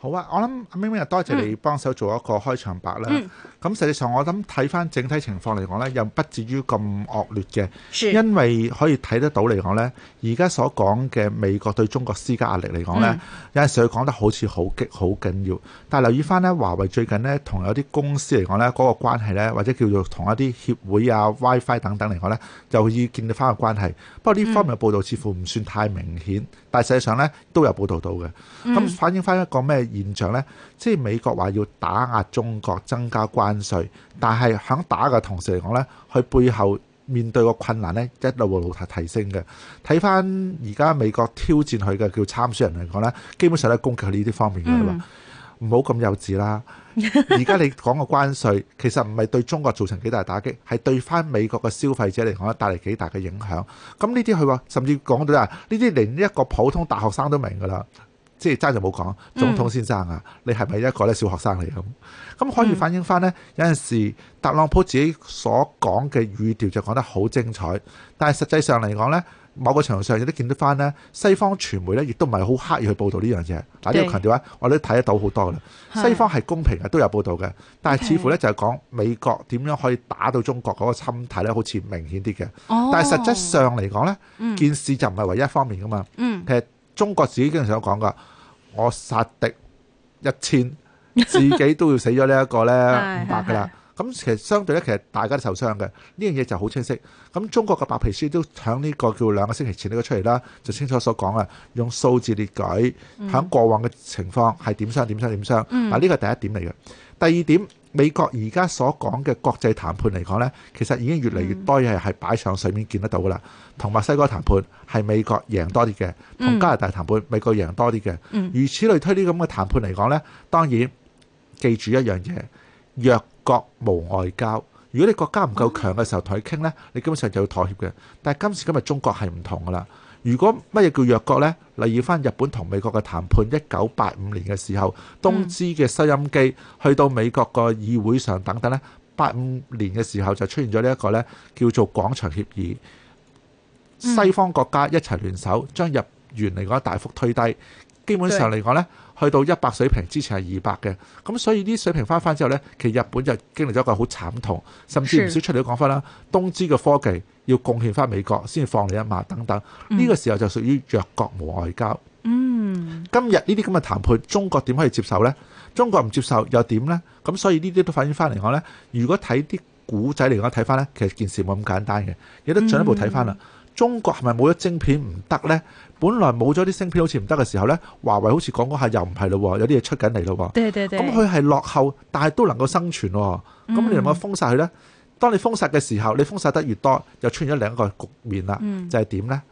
好啊，我諗阿明明 n 又多謝你幫手做一個開場白啦。咁、嗯、實際上我諗睇翻整體情況嚟講咧，又不至於咁惡劣嘅，是因為可以睇得到嚟講咧，而家所講嘅美國對中國施加壓力嚟講咧，嗯、有陣時佢講得好似好激好緊要，但係留意翻咧，華為最近咧同有啲公司嚟講咧嗰個關係咧，或者叫做同一啲協會啊、WiFi 等等嚟講咧，就見到翻個關係。不過呢方面嘅報導似乎唔算太明顯。嗯嗯但係實際上咧都有報道到嘅，咁反映翻一個咩現象咧？嗯、即係美國話要打壓中國，增加關稅，但係喺打嘅同時嚟講咧，佢背後面對個困難咧一路會提提升嘅。睇翻而家美國挑戰佢嘅叫參選人嚟講咧，基本上都係攻擊呢啲方面嘅。唔好咁幼稚啦！而家你講個關稅，其實唔係對中國造成幾大打擊，係對翻美國嘅消費者嚟講咧，帶嚟幾大嘅影響。咁呢啲佢話，甚至講到啊，呢啲連一個普通大學生都明㗎喇，即係爭就冇講。總統先生啊，嗯、你係咪一個咧小學生嚟咁？咁可以反映翻呢。有陣時特朗普自己所講嘅語調就講得好精彩，但係實際上嚟講呢。某個場上亦都見到翻呢是，西方傳媒呢亦都唔係好刻意去報導呢樣嘢。嗱，呢個強調咧，我哋都睇得到好多啦。西方係公平嘅，都有報導嘅，但係似乎呢，就係講美國點樣可以打到中國嗰個心態呢，好似明顯啲嘅。但係實際上嚟講呢，哦嗯、件事就唔係唯一方面噶嘛。其實中國自己經常所講噶，我殺敵一千， 自己都要死咗呢一個呢五百噶啦。是是是是。咁其實相對咧，其實大家都受傷嘅呢樣嘢就好清晰。咁中國嘅白皮書都喺呢個叫兩個星期前呢個出嚟啦，就清楚所講啊，用數字列舉喺、嗯、過往嘅情況係點傷點傷點傷。嗱、嗯，呢個、嗯、係第一點嚟嘅。第二點，美國而家所講嘅國際談判嚟講呢，其實已經越嚟越多嘢係擺上水面見得到啦。同墨、嗯、西哥談判係美國贏多啲嘅，同、嗯、加拿大談判美國贏多啲嘅。嗯、如此類推，啲咁嘅談判嚟講呢，當然記住一樣嘢，若國無外交，如果你國家唔夠強嘅時候同佢傾呢，你基本上就要妥協嘅。但係今時今日中國係唔同噶啦。如果乜嘢叫弱國呢？例如翻日本同美國嘅談判，一九八五年嘅時候，東芝嘅收音機、嗯、去到美國個議會上等等咧。八五年嘅時候就出現咗呢一個呢，叫做廣場協議。嗯、西方國家一齊聯手，將日元嚟講大幅推低。基本上嚟講呢對去到一百水平，之前係二百嘅。咁所以啲水平翻翻之後呢，其實日本就經歷咗一個好慘痛，甚至唔少出嚟都講翻啦，是東芝嘅科技要貢獻翻美國先放你一馬等等，呢個時候就屬於弱國無外交。嗯，今日呢啲咁嘅談判，中國點可以接受呢？中國唔接受又點呢？咁所以呢啲都反映翻嚟講呢。如果睇啲古仔嚟講睇翻呢，其實件事冇咁簡單嘅，有得進一步睇翻啦。嗯中國係咪冇咗晶片唔得呢？本來冇咗啲晶片好似唔得嘅時候呢，華為好似講嗰下又唔係咯，有啲嘢出緊嚟咯。對，咁佢係落後，但係都能夠生存，哦。咁，嗯嗯，你能夠封殺佢呢？當你封殺嘅時候，你封殺得越多，就出現咗兩個局面啦。就係、是、點呢？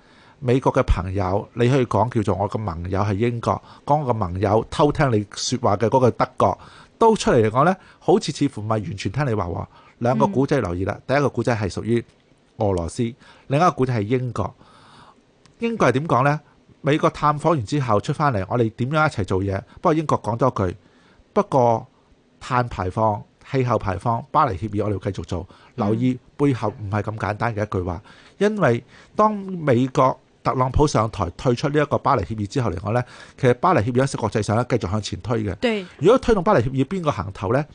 美國嘅朋友，你可以講叫做我嘅盟友係英國，講我嘅盟友偷聽你說話嘅嗰個德國都出嚟嚟講呢，好似似乎唔係完全聽你說話喎。兩個古仔留意啦，第一個古仔係屬於。俄羅斯，另一個股係英國。英國係點講呢？美國探訪完之後出翻嚟，我哋點樣一齊做嘢？不過英國講多句，不過碳排放、氣候排放、巴黎協議，我哋繼續做。留意背後唔係咁簡單嘅一句話，因為當美國。特朗普上台退出呢一個巴黎協議之後嚟講咧，其實巴黎協議喺國際上咧繼續向前推嘅。如果推動巴黎協議，邊個行頭咧？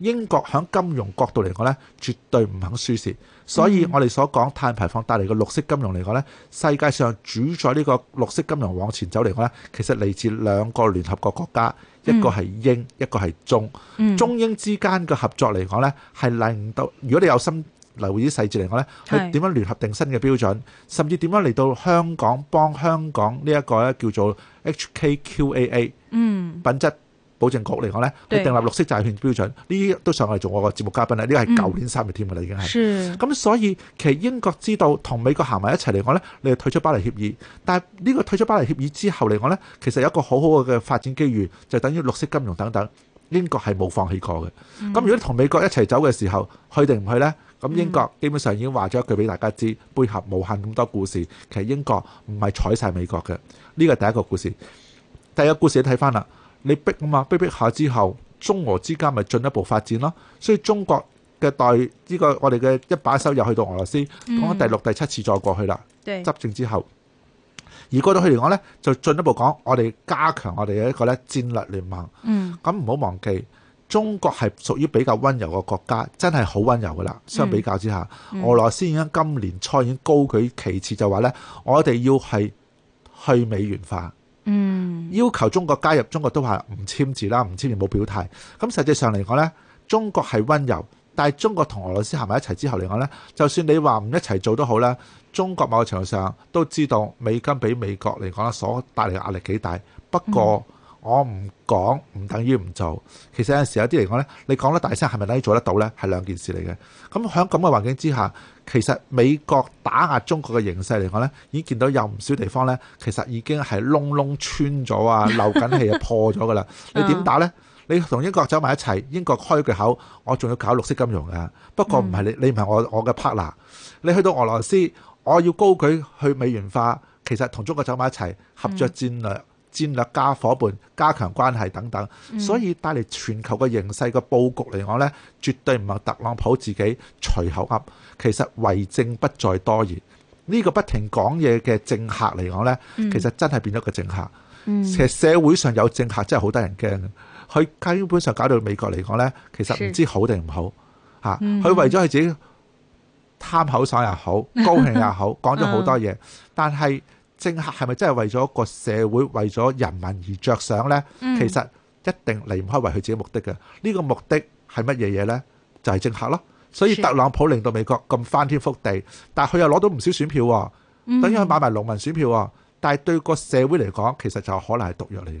英國響金融角度嚟講咧，絕對唔肯輸蝕。所以我哋所講碳排放帶嚟嘅綠色金融嚟講咧，世界上主宰呢個綠色金融往前走嚟講咧，其實嚟自兩個聯合國國家，一個係英，一個係中。中英之間嘅合作嚟講咧，係令到，如果你有心。留意啲細節嚟講咧，佢點樣聯合定新嘅標準，甚至點樣嚟到香港幫香港呢一個咧叫做 HKQAA 品質保證局嚟講咧，佢訂立綠色債券標準呢啲都上嚟做我個節目嘉賓咧。呢個係舊年三月添㗎啦，已經係咁，所以其實英國知道同美國行埋一齊嚟講咧，你就退出巴黎協議，但係呢個退出巴黎協議之後嚟講咧，其實有一個好好嘅發展機遇，就等於綠色金融等等。英國係冇放棄過嘅。咁如果同美國一齊走嘅時候，去定唔去咧？咁英國基本上已經話咗一句俾大家知，mm. 背後無限咁多故事，其實英國唔係睬晒美國嘅，呢個係第一個故事。第二個故事你睇翻啦，你逼啊嘛，逼逼下之後，中俄之間咪進一步發展咯。所以中國嘅代呢、呢個我哋嘅一把手又去到俄羅斯，講第六第七次再過去啦，mm. 執政之後。對而過到去嚟講呢，就進一步講，我哋加強我哋嘅一個咧戰略聯盟。嗯，咁唔好忘記。中國係屬於比較溫柔嘅國家，真係好溫柔噶啦。相比較之下，嗯嗯、俄羅斯已經今年初已經高舉旗幟，就話呢：我們「我哋要係去美元化。嗯，要求中國加入，中國都話唔簽字啦，唔簽字冇表態。咁實際上嚟講呢，中國係溫柔，但係中國同俄羅斯行埋一齊之後嚟講呢，就算你話唔一齊做都好啦，中國某個程度上都知道美金俾美國嚟講所帶嚟嘅壓力幾大，不過。嗯嗯我唔講唔等於唔做，其實有陣時有啲嚟講呢，你講得大聲係咪等於做得到呢？係兩件事嚟嘅。咁喺咁嘅環境之下，其實美國打壓中國嘅形勢嚟講呢，已經見到有唔少地方呢，其實已經係窿窿穿咗啊，漏緊氣啊，破咗㗎喇。 你點打呢？你同英國走埋一齊，英國開句口，我仲要搞綠色金融啊。不過唔係你，你唔係我我嘅 partner。你去到俄羅斯，我要高舉去美元化。其實同中國走埋一齊，合作戰略。 戰略加伙伴，加強關係等等，所以帶嚟全球嘅形勢嘅布局嚟講呢，絕對唔係特朗普自己隨口噏。其實為政不再多言，呢個不停講嘢嘅政客嚟講呢，其實真係變咗個政客。其實社會上有政客真係好得人驚。佢基本上搞到美國嚟講呢，其實唔知好定唔好。吓，佢為咗佢自己貪口爽又好，高興又好，講咗好多嘢，但係。政客係咪真係為咗個社會、為咗人民而着想呢？其實一定離唔開為佢自己的目的嘅。呢、這個目的係乜嘢嘢呢？就係、是、政客咯。所以特朗普令到美國咁翻天覆地，但係佢又攞到唔少選票，等於佢買埋農民選票。但係對個社會嚟講，其實就可能係毒藥嚟嘅。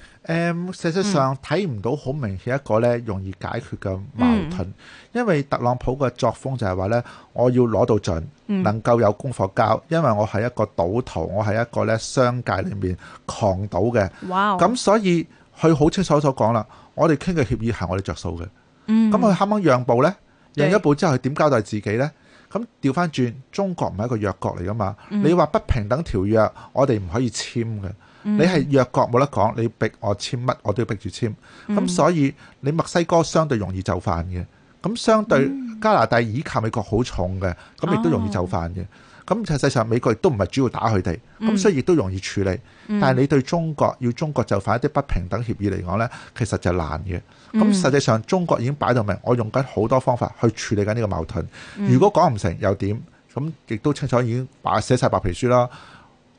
誒，事、um, 實際上睇唔到好明顯一個咧容易解決嘅矛盾，嗯、因為特朗普嘅作風就係話咧，我要攞到盡，嗯、能夠有功課交，因為我係一個賭徒，我係一個咧商界裏面狂賭嘅。哇！咁所以佢好清楚所講啦，我哋傾嘅協議係我哋着數嘅。嗯，咁佢啱啱讓步呢，對讓一步之後佢點交代自己呢？咁調翻轉，中國唔係一個弱國嚟噶嘛？嗯、你話不平等條約，我哋唔可以簽嘅。你係弱國冇得講，你逼我簽乜我都要逼住簽，咁、嗯、所以你墨西哥相對容易就範嘅，咁相對加拿大倚靠美國好重嘅，咁亦都容易就範嘅，咁、啊、實際上美國亦都唔係主要打佢哋，咁所以亦都容易處理。嗯、但係你對中國、嗯、要中國就範一啲不平等協議嚟講呢，其實就難嘅。咁實際上中國已經擺到明，我用緊好多方法去處理緊呢個矛盾。嗯、如果講唔成又點？咁亦都清楚已經擺寫晒白皮書啦。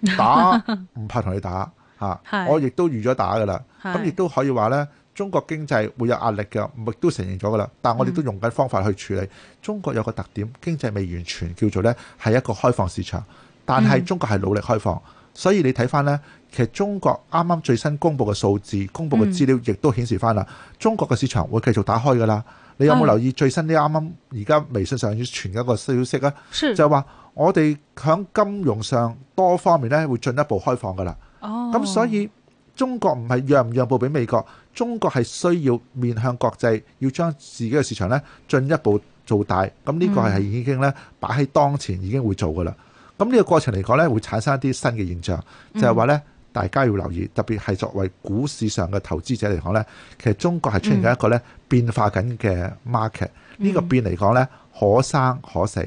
打唔怕同你打嚇，啊、是我亦都預咗打噶啦，咁亦都可以話呢，中國經濟會有壓力嘅，亦都承認咗噶啦。但我哋都用緊方法去處理。嗯、中國有個特點，經濟未完全叫做呢係一個開放市場，但係中國係努力開放。嗯、所以你睇翻呢，其實中國啱啱最新公布嘅數字、公布嘅資料，亦都顯示翻啦，嗯、中國嘅市場會繼續打開噶啦。你有冇留意最新啲啱啱而家微信上要傳一個消息啊？是就係話。我哋喺金融上多方面咧，會進一步開放噶啦，咁所以中國唔係讓唔讓步俾美國，中國係需要面向國際，要將自己嘅市場咧，進一步做大。咁呢個係係已經咧，擺喺當前已經會做噶啦。咁呢個過程嚟講咧，會產生一啲新嘅現象，就係話咧，大家要留意，特別係作為股市上嘅投資者嚟講咧，其實中國係出現咗一個咧，變化緊嘅 market。呢個變嚟講咧，可生可死。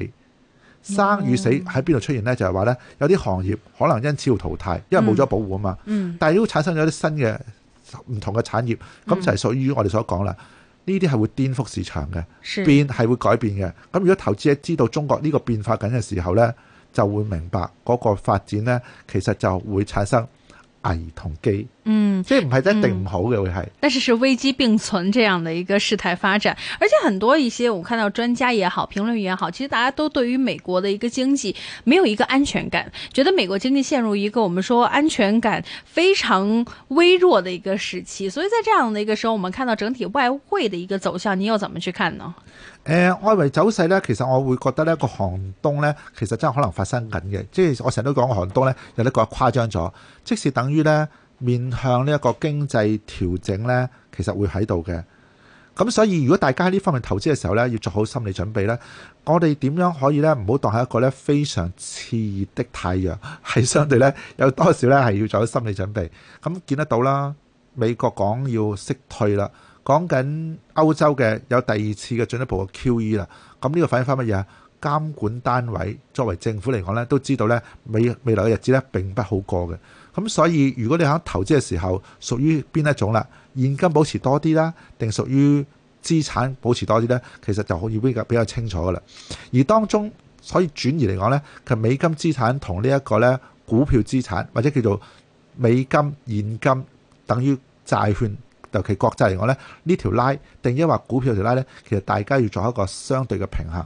生與死喺邊度出現呢？Mm hmm. 就係話呢，有啲行業可能因此要淘汰，因為冇咗保護啊嘛。Mm hmm. 但係都產生咗啲新嘅唔同嘅產業，咁、mm hmm. 就係屬於我哋所講啦。呢啲係會顛覆市場嘅、mm hmm. 變，係會改變嘅。咁如果投資者知道中國呢個變化緊嘅時候呢，就會明白嗰個發展呢，其實就會產生危同機。嗯，即係唔係一定唔好嘅會係，但是是危機並存這樣的一個事態發展，而且很多一些我看到專家也好，評論員也好，其實大家都對於美國的一個經濟沒有一個安全感，覺得美國經濟陷入一個我們說安全感非常微弱的一個時期，所以在這樣的一個時候，我們看到整體外匯的一個走向，你又怎麼去看呢？誒、呃，外圍走勢呢，其實我會覺得呢個寒冬呢，其實真係可能發生緊嘅，即係我成日都講寒冬呢，有啲覺得誇張咗，即使等於呢。面向呢一個經濟調整呢，其實會喺度嘅。咁所以如果大家喺呢方面投資嘅時候呢，要做好心理準備呢。我哋點樣可以呢？唔好當係一個呢非常熾熱的太陽，係相對呢，有多少呢？係要做好心理準備。咁見得到啦，美國講要息退啦，講緊歐洲嘅有第二次嘅進一步嘅 QE 啦。咁呢個反映翻乜嘢啊？監管單位作為政府嚟講咧，都知道咧未未來嘅日子咧並不好過嘅。咁所以如果你喺投資嘅時候屬於邊一種啦，現金保持多啲啦，定屬於資產保持多啲咧，其實就可以比較比較清楚㗎啦。而當中所以轉移嚟講咧，其實美金資產同呢一個咧股票資產或者叫做美金現金等於債券，尤其國債嚟講咧呢條拉定抑或股票條拉咧，其實大家要做一個相對嘅平衡。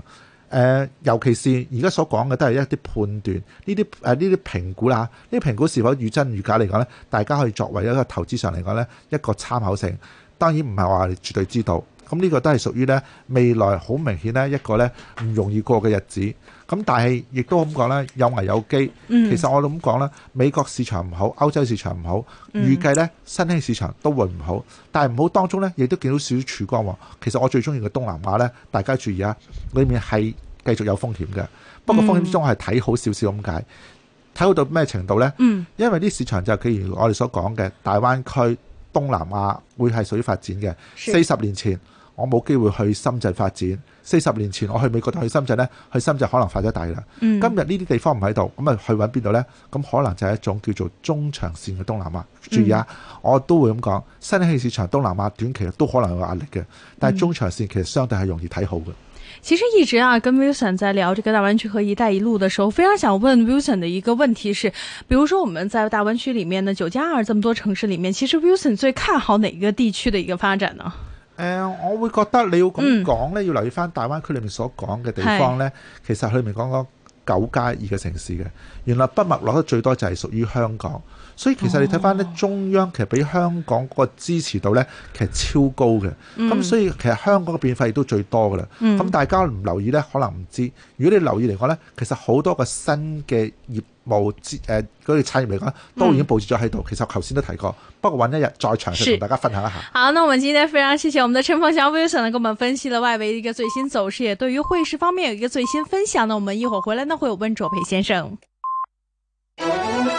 誒、呃，尤其是而家所講嘅都係一啲判斷，呢啲誒呢啲評估啦，啊，呢啲評估是否與真與假嚟講咧，大家可以作為一個投資上嚟講咧一個參考性，當然唔係話你絕對知道。咁呢個都係屬於咧未來好明顯咧一個咧唔容易過嘅日子。咁、嗯嗯、但係亦都咁講咧，有危有機。其實我諗講咧，美國市場唔好，歐洲市場唔好，預計呢，新興市場都會唔好。但係唔好當中呢，亦都見到少少曙光喎、哦。其實我最中意嘅東南亞呢，大家注意啊，裏面係繼續有風險嘅。不過風險中係睇好少少咁解，睇、嗯、好到咩程度呢？嗯、因為啲市場就譬如我哋所講嘅大灣區、東南亞會係屬於發展嘅。四十年前。我冇機會去深圳發展。四十年前我去美國，就去深圳呢，去深圳可能發咗大啦。今日呢啲地方唔喺度，咁啊去揾邊度呢？咁可能就係一種叫做中長線嘅東南亞。注意啊，我都會咁講，新興市場東南亞短期都可能有壓力嘅，但係中長線其實相對係容易睇好嘅。嗯、其實一直啊，跟 Wilson 在聊這個大灣區和一帶一路的時候，非常想問 Wilson 的一個問題是，比如說，我們在大灣區裏面嘅九加二這麼多城市裏面，其實 Wilson 最看好哪個地區嘅一個發展呢？誒、呃，我會覺得你要咁講咧，嗯、要留意翻大灣區裏面所講嘅地方呢是其實裏面講九加二嘅城市嘅，原來筆墨落得最多就係屬於香港，所以其實你睇翻呢、哦、中央其實俾香港嗰個支持度呢，其實超高嘅，咁、嗯、所以其實香港嘅變化亦都最多噶啦，咁、嗯、大家唔留意呢，可能唔知道，如果你留意嚟講呢，其實好多個新嘅業。冇誒嗰啲產業嚟講，都已經佈置咗喺度。嗯、其實我頭先都提過，不過揾一日再詳細同大家分享一下。好，那我們今天非常謝謝我們的陳鳳翔 Wilson，呢跟我們分析了外圍一個最新走勢，也對於匯市方面有一個最新分享。那我們一會兒回來，呢會有溫卓培先生。嗯